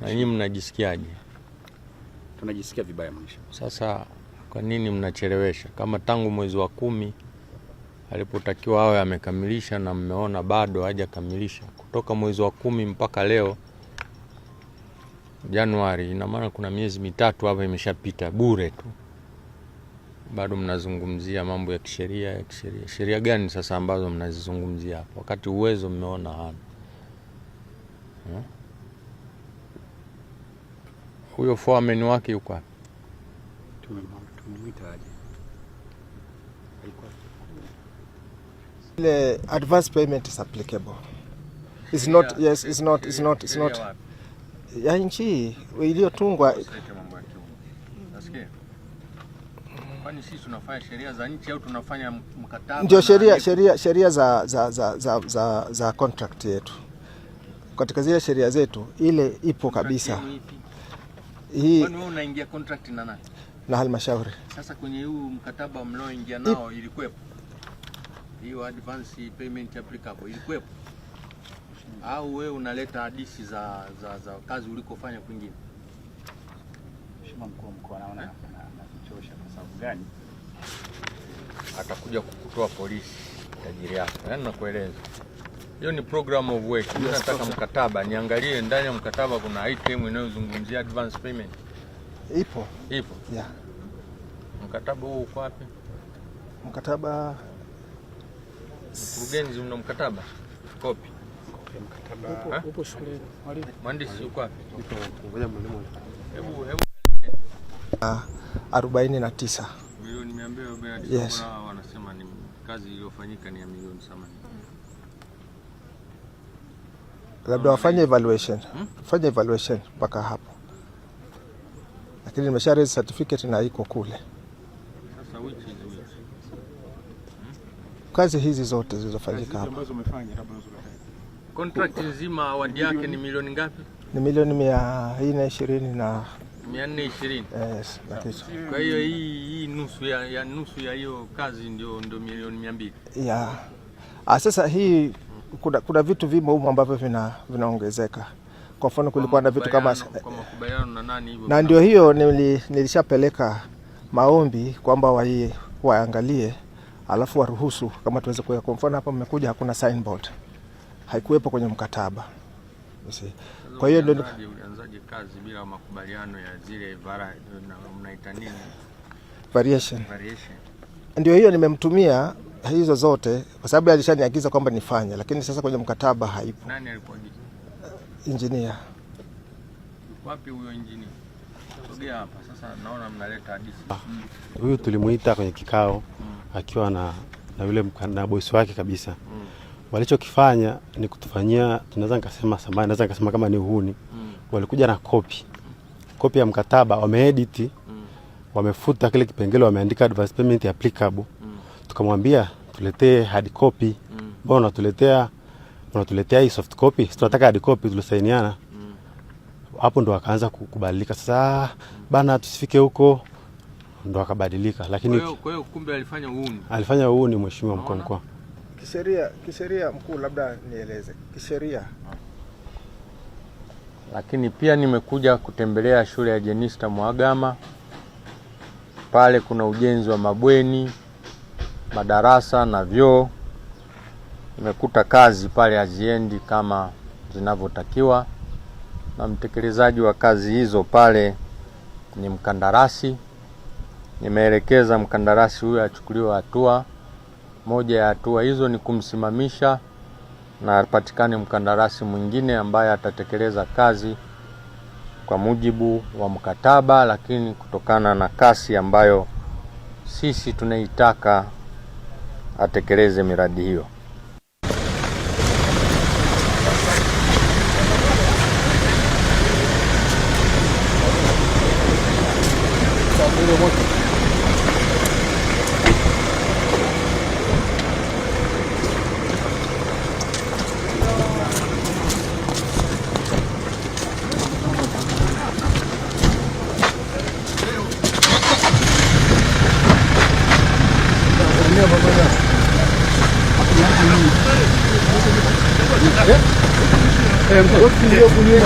Na nyinyi mnajisikiaje? Tunajisikia vibaya mwisho. Sasa kwa nini mnachelewesha kama tangu mwezi wa kumi alipotakiwa awe amekamilisha na mmeona bado hajakamilisha? Kutoka mwezi wa kumi mpaka leo Januari, ina maana kuna miezi mitatu hapa imeshapita bure tu, bado mnazungumzia mambo ya kisheria ya kisheria. Sheria gani sasa ambazo mnazizungumzia hapa wakati uwezo mmeona hana eh? Huyo foreman wake yuko wapi? Ile advance payment is applicable. It's not, yes, it's not, it's not, it's not. Ya nchi iliyotungwa ndio sheria sheria sheria za, za, za, za, za, za contract yetu. Katika zile sheria zetu ile ipo kabisa hii wewe unaingia contract na nani? Na halmashauri. Sasa kwenye huu mkataba mlioingia nao ilikuwepo hiyo advance payment applicable ilikuwepo au wewe unaleta hadithi za, za, za kazi ulikofanya kwingine? Mheshimiwa mkuu wa mkoa, naona eh? nakuchosha kwa sababu gani? Atakuja kukutoa polisi tajiri yako, yaani nakueleza hiyo ni program of work. Yes, nataka mkataba, niangalie ndani ya mkataba kuna item inayozungumzia advance payment. Ipo. Ipo. Yeah. Mkataba huo uko wapi? Mkataba mkurugenzi, mna mkataba kopi? Upo shuleni. Mhandisi uko wapi? Ah, wanasema ni kazi iliyofanyika ni ya milioni labda mm. wafanye evaluation, fanye evaluation mpaka hapo, lakini nimesha raise certificate na iko kule. Hmm? Kazi hizi zote zilizofanyika hapa, contract nzima wadi yake ni milioni ngapi? Ni milioni mia nne ishirini na Yes, kwa hiyo hii, hii nusu ya, ya nusu ya hiyo kazi ndio ndio milioni mia mbili. Yeah. Ah, sasa hii kuna, kuna vitu vimo humo ambavyo vinaongezeka vina kwa mfano kulikuwa na vitu kama na, na ndio hiyo nili, nilishapeleka maombi kwamba wa waangalie alafu waruhusu kama tuweze kuweka. Kwa mfano hapa mmekuja, hakuna signboard, haikuwepo kwenye mkataba. Kwa hiyo ndio ulianzaje kazi bila makubaliano ya zile vara mnaita nini, variation? Variation ndio hiyo nimemtumia hizo zote kwa sababu alishaniagiza kwamba nifanye, lakini sasa kwenye mkataba haipo. Nani alikuagiza? Engineer. Wapi huyo engineer? Sogea hapa sasa, naona mnaleta hadithi. Ah, huyu tulimuita kwenye kikao mm. akiwa na na yule na bosi wake kabisa mm. Walichokifanya ni kutufanyia, tunaweza nikasema samani, naweza nikasema kama ni uhuni mm. Walikuja na kopi kopi ya mkataba, wameedit mm. Wamefuta kile kipengele, wameandika advance payment applicable tukamwambia tuletee hard copy mm. Mbona unatuletea unatuletea hii soft copy? Si tunataka hard copy tulisainiana. Mm. Hapo mm. ndo akaanza kubadilika sasa ah, mm. bana, tusifike huko, ndo akabadilika. Lakini kwa hiyo kumbe alifanya uhuni, alifanya uhuni mheshimiwa mkuu mkoa. Kisheria, kisheria mkuu, labda nieleze kisheria ah. lakini pia nimekuja kutembelea shule ya Jenista mwagama pale kuna ujenzi wa mabweni madarasa na vyoo, imekuta kazi pale haziendi kama zinavyotakiwa, na mtekelezaji wa kazi hizo pale ni mkandarasi. Nimeelekeza mkandarasi huyo achukuliwe hatua. Moja ya hatua hizo ni kumsimamisha na apatikane mkandarasi mwingine ambaye atatekeleza kazi kwa mujibu wa mkataba, lakini kutokana na kasi ambayo sisi tunaitaka atekeleze miradi hiyo. 예? 예, 뭐, 어떻게 분이에요?